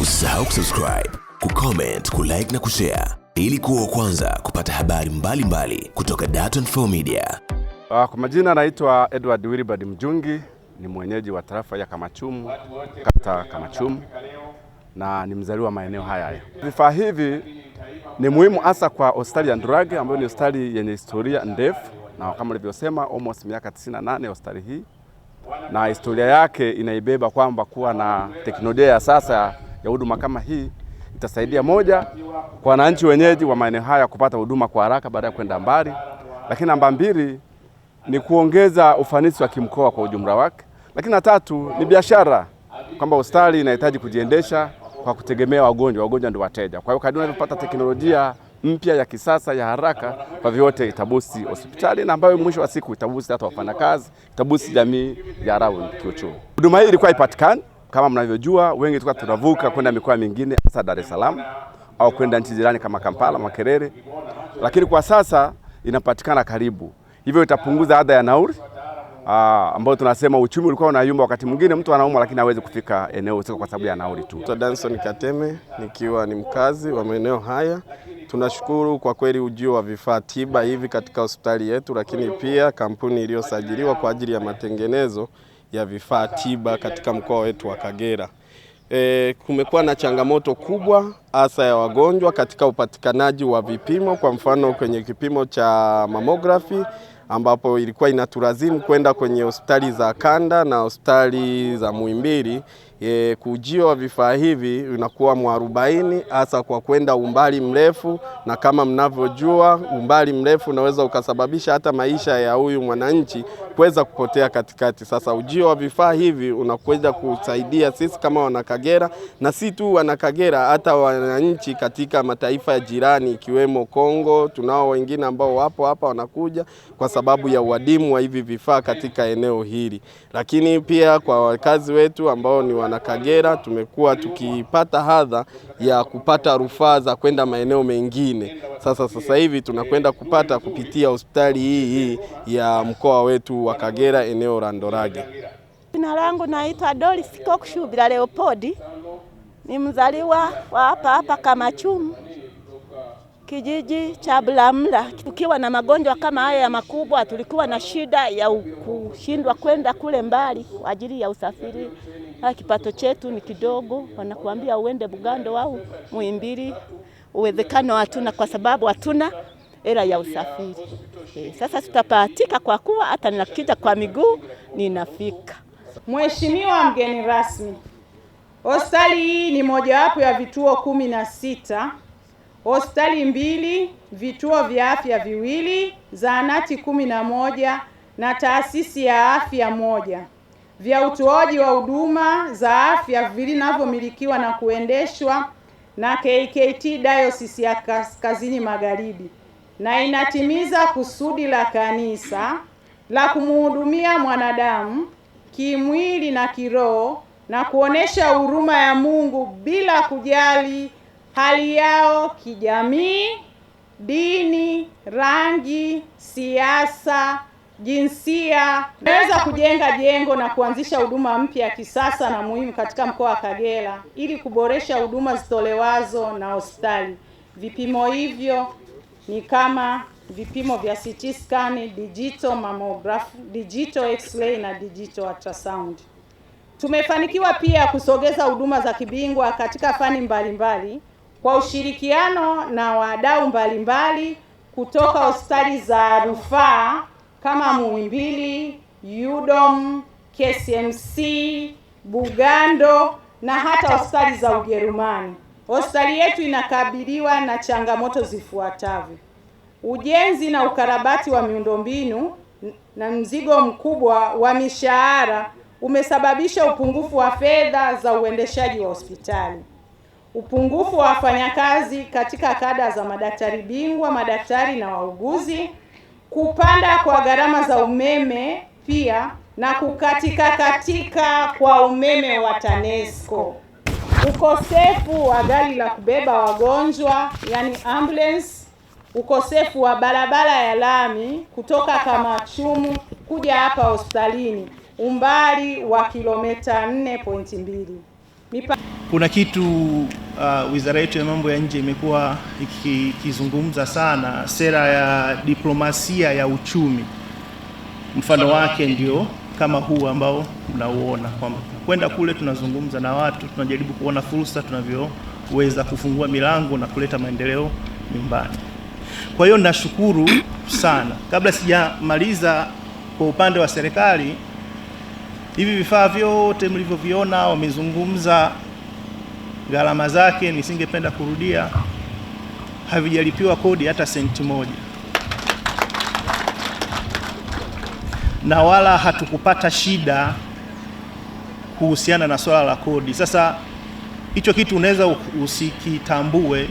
Usisahau kusubscribe, kucomment, kulike na kushare ili kuwa wa kwanza kupata habari mbalimbali mbali kutoka Dar24 Media. Uh, kwa majina naitwa Edward Wilbard Mjungi, ni mwenyeji wa tarafa ya Kamachumu, kata Kamachumu na ni mzaliwa maeneo haya haya. Vifaa hivi ni muhimu hasa kwa hospitali ya ambayo ni hospitali yenye historia ndefu, na kama ulivyosema, almost miaka 98 hospitali hii, na historia yake inaibeba kwamba kuwa na teknolojia ya sasa ya huduma kama hii itasaidia moja, kwa wananchi wenyeji wa maeneo haya kupata huduma kwa haraka baada ya kwenda mbali, lakini namba mbili ni kuongeza ufanisi wa kimkoa kwa ujumla wake, lakini na tatu ni biashara, kwamba hospitali inahitaji kujiendesha kwa kutegemea wagonjwa. Wagonjwa ndio wateja. Kwa hiyo kadri unavyopata teknolojia mpya ya kisasa ya haraka, kwa vyote itabusi hospitali na ambayo mwisho wa siku itabusi hata wafanyakazi, itabusi jamii ya rawi kiuchumi. Huduma hii ilikuwa ipatikani kama mnavyojua wengi tulikuwa tunavuka kwenda mikoa mingine hasa Dar es Salaam au kwenda nchi jirani kama Kampala, Makerere, lakini kwa sasa inapatikana karibu, hivyo itapunguza adha ya nauli ah, ambayo tunasema uchumi ulikuwa unayumba. Wakati mwingine mtu anaumwa lakini hawezi kufika eneo husika kwa sababu ya nauli tu. Danson Kateme nikiwa ni mkazi wa maeneo haya. Tunashukuru kwa kweli ujio wa vifaa tiba hivi katika hospitali yetu, lakini pia kampuni iliyosajiliwa kwa ajili ya matengenezo ya vifaa tiba katika mkoa wetu wa Kagera. E, kumekuwa na changamoto kubwa hasa ya wagonjwa katika upatikanaji wa vipimo, kwa mfano kwenye kipimo cha mamografi ambapo ilikuwa inaturazimu kwenda kwenye hospitali za kanda na hospitali za Muhimbili E, kujio wa vifaa hivi unakuwa mwarobaini hasa kwa kwenda umbali mrefu, na kama mnavyojua umbali mrefu unaweza ukasababisha hata maisha ya huyu mwananchi kuweza kupotea katikati. Sasa ujio wa vifaa hivi unakuja kusaidia sisi kama Wanakagera na si tu Wanakagera, hata wananchi katika mataifa ya jirani ikiwemo Kongo. Tunao wengine ambao wapo hapa wanakuja kwa sababu ya uadimu wa hivi vifaa katika eneo hili, lakini pia kwa wakazi wetu ambao ni wana na Kagera tumekuwa tukipata hadha ya kupata rufaa za kwenda maeneo mengine. Sasa sasa hivi tunakwenda kupata kupitia hospitali hii hii ya mkoa wetu wa Kagera eneo la Ndolage. Jina langu naitwa Doris Kokushubira Leopodi, ni mzaliwa wa hapa hapa Kamachumu, kijiji cha Bulamla. Tukiwa na magonjwa kama haya ya makubwa, tulikuwa na shida ya kushindwa kwenda kule mbali kwa ajili ya usafiri. Ah, kipato chetu ni kidogo, wanakuambia uende Bugando au Muhimbili, uwezekano hatuna, kwa sababu hatuna hela ya usafiri. E, sasa tutapatika kwa kuwa hata ninakija kwa miguu ninafika. Mheshimiwa mgeni rasmi, hospitali hii ni mojawapo ya vituo kumi na sita hospitali mbili, vituo vya afya viwili, zahanati kumi na moja na taasisi ya afya moja vya utoaji wa huduma za afya vinavyomilikiwa na kuendeshwa na kkt Diocese ya Kaskazini Magharibi na inatimiza kusudi la kanisa la kumhudumia mwanadamu kimwili na kiroho na kuonesha huruma ya Mungu bila kujali hali yao kijamii, dini, rangi, siasa jinsia naweza kujenga jengo na kuanzisha huduma mpya ya kisasa na muhimu katika mkoa wa Kagera ili kuboresha huduma zitolewazo na hospitali. Vipimo hivyo ni kama vipimo vya CT scan, digital mammograph, digital x-ray na digital ultrasound. Tumefanikiwa pia kusogeza huduma za kibingwa katika fani mbalimbali mbali, kwa ushirikiano na wadau mbalimbali kutoka hospitali za rufaa kama Muhimbili, UDOM, KCMC, Bugando na hata hospitali za Ujerumani. Hospitali yetu inakabiliwa na changamoto zifuatavyo: ujenzi na ukarabati wa miundombinu na mzigo mkubwa wa mishahara umesababisha upungufu wa fedha za uendeshaji wa hospitali, upungufu wa wafanyakazi katika kada za madaktari bingwa, madaktari na wauguzi kupanda kwa gharama za umeme pia na kukatika katika kwa umeme wa TANESCO, ukosefu wa gari la kubeba wagonjwa yani ambulance, ukosefu wa barabara ya lami kutoka Kamachumu kuja hapa hospitalini umbali wa kilomita 4.2. Mipa. Kuna kitu uh, wizara yetu ya mambo ya nje imekuwa ikizungumza sana, sera ya diplomasia ya uchumi. Mfano wake ndio kama huu ambao mnauona kwamba kwenda kule tunazungumza na watu, tunajaribu kuona fursa tunavyoweza kufungua milango na kuleta maendeleo nyumbani. Kwa hiyo nashukuru sana. Kabla sijamaliza kwa upande wa serikali Hivi vifaa vyote mlivyoviona wamezungumza gharama zake, nisingependa kurudia. Havijalipiwa kodi hata senti moja, na wala hatukupata shida kuhusiana na swala la kodi. Sasa hicho kitu unaweza usikitambue,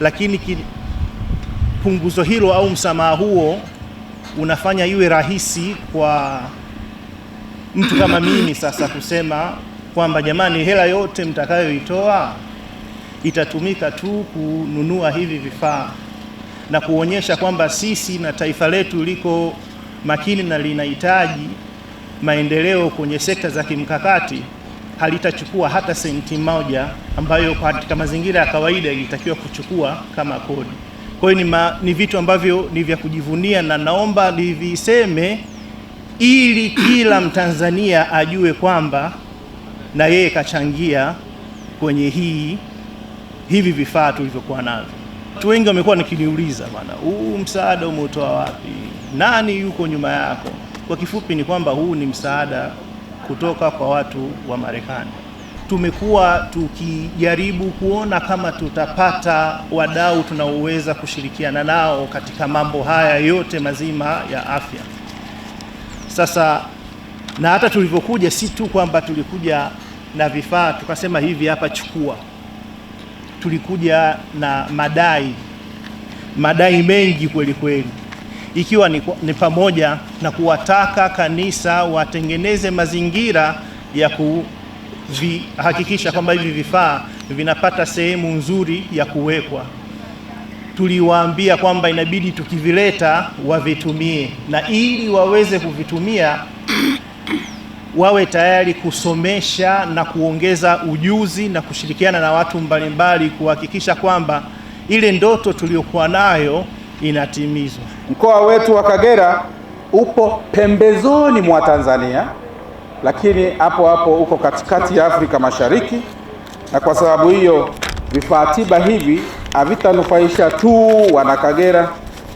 lakini punguzo hilo au msamaha huo unafanya iwe rahisi kwa mtu kama mimi sasa kusema kwamba jamani, hela yote mtakayoitoa itatumika tu kununua hivi vifaa na kuonyesha kwamba sisi na taifa letu liko makini na linahitaji maendeleo kwenye sekta za kimkakati, halitachukua hata senti moja ambayo katika mazingira ya kawaida ilitakiwa kuchukua kama kodi. Kwa hiyo ni, ni vitu ambavyo ni vya kujivunia na naomba niviseme ili kila Mtanzania ajue kwamba na yeye kachangia kwenye hii hivi vifaa tulivyokuwa navyo. Watu wengi wamekuwa nikiniuliza bwana, huu msaada umeutoa wapi? Nani yuko nyuma yako? Kwa kifupi ni kwamba huu ni msaada kutoka kwa watu wa Marekani. Tumekuwa tukijaribu kuona kama tutapata wadau tunaoweza kushirikiana nao katika mambo haya yote mazima ya afya. Sasa na hata tulivyokuja, si tu kwamba tulikuja na vifaa tukasema hivi hapa chukua, tulikuja na madai madai mengi kweli kweli, ikiwa ni, ni pamoja na kuwataka kanisa watengeneze mazingira ya kuhakikisha kwamba hivi vifaa vinapata sehemu nzuri ya kuwekwa tuliwaambia kwamba inabidi tukivileta wavitumie, na ili waweze kuvitumia wawe tayari kusomesha na kuongeza ujuzi na kushirikiana na watu mbalimbali kuhakikisha kwamba ile ndoto tuliyokuwa nayo inatimizwa. Mkoa wetu wa Kagera upo pembezoni mwa Tanzania, lakini hapo hapo uko katikati ya Afrika Mashariki, na kwa sababu hiyo vifaa tiba hivi havitanufaisha tu wana Kagera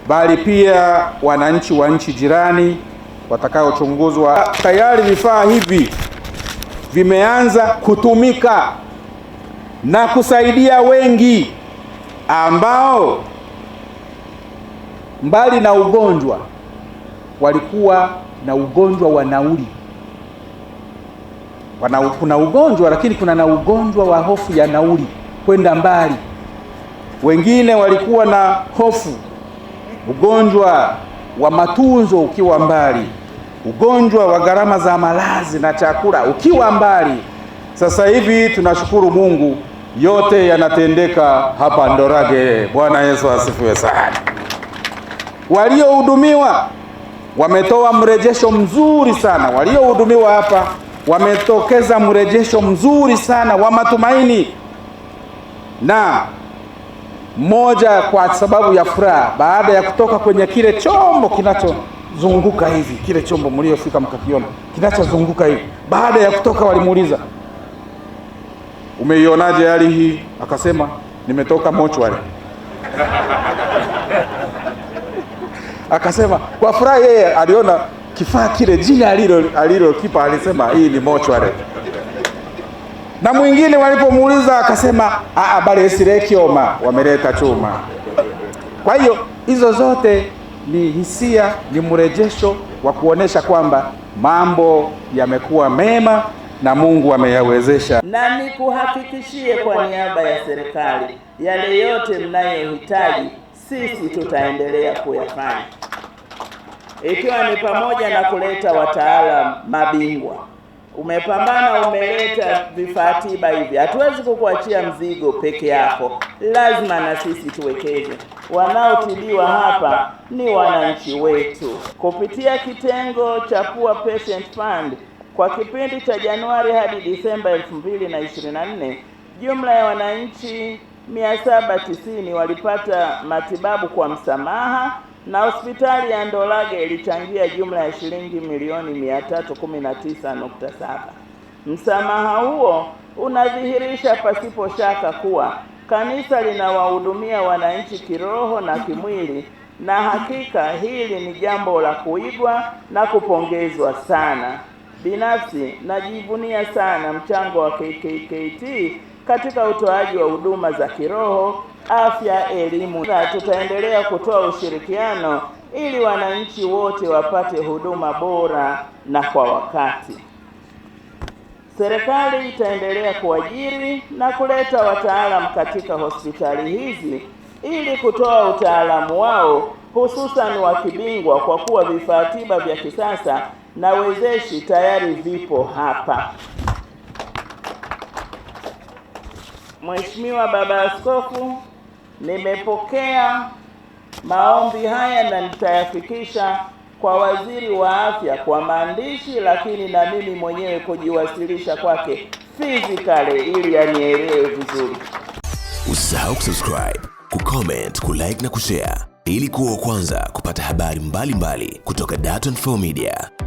bali pia wananchi wa nchi jirani watakaochunguzwa. Tayari vifaa hivi vimeanza kutumika na kusaidia wengi ambao mbali na ugonjwa walikuwa na ugonjwa wa nauli kuna ugonjwa lakini kuna na ugonjwa wa hofu ya nauli kwenda mbali. Wengine walikuwa na hofu, ugonjwa wa matunzo ukiwa mbali, ugonjwa wa gharama za malazi na chakula ukiwa mbali. Sasa hivi tunashukuru Mungu, yote yanatendeka hapa Ndorage. Bwana Yesu asifiwe sana. Waliohudumiwa wametoa mrejesho mzuri sana, waliohudumiwa hapa wametokeza mrejesho mzuri sana wa matumaini na moja kwa sababu ya furaha, baada ya kutoka kwenye kile chombo kinachozunguka hivi, kile chombo mliofika mkakiona kinachozunguka hivi, baada ya kutoka walimuuliza, umeionaje hali hii? Akasema, nimetoka mochwari. Akasema kwa furaha, yeye aliona kifaa kile, jina alilokipa alilo alisema hii ni mochwari na mwingine walipomuuliza akasema ah, ah, sirekioma wameleta chuma. Kwa hiyo hizo zote ni hisia, ni mrejesho wa kuonesha kwamba mambo yamekuwa mema na Mungu ameyawezesha. Na nikuhakikishie kwa niaba ya serikali, yale yote mnayohitaji sisi tutaendelea kuyafanya, ikiwa ni pamoja na kuleta wataalamu mabingwa umepambana, umeleta vifaa tiba hivi, hatuwezi kukuachia mzigo peke yako, lazima na sisi tuwekeze. Wanaotibiwa hapa ni wananchi wetu. Kupitia kitengo cha Pua Patient Fund, kwa kipindi cha Januari hadi Disemba 2024 jumla ya wananchi 790 walipata matibabu kwa msamaha na hospitali ya Ndolage ilichangia jumla ya shilingi milioni 319.7. Msamaha huo unadhihirisha pasipo shaka kuwa kanisa linawahudumia wananchi kiroho na kimwili, na hakika hili ni jambo la kuigwa na kupongezwa sana. Binafsi najivunia sana mchango wa KKKT katika utoaji wa huduma za kiroho afya, elimu, na tutaendelea kutoa ushirikiano ili wananchi wote wapate huduma bora na kwa wakati. Serikali itaendelea kuajiri na kuleta wataalamu katika hospitali hizi ili kutoa utaalamu wao hususan wa kibingwa, kwa kuwa vifaa tiba vya kisasa na wezeshi tayari vipo hapa. Mheshimiwa Baba Askofu, Nimepokea maombi haya na nitayafikisha kwa waziri wa afya kwa maandishi, lakini na mimi mwenyewe kujiwasilisha kwake physically ili anielewe vizuri. Usisahau kusubscribe, kucomment, kulike na kushare ili kuwa wa kwanza kupata habari mbalimbali mbali kutoka Dar24 Media.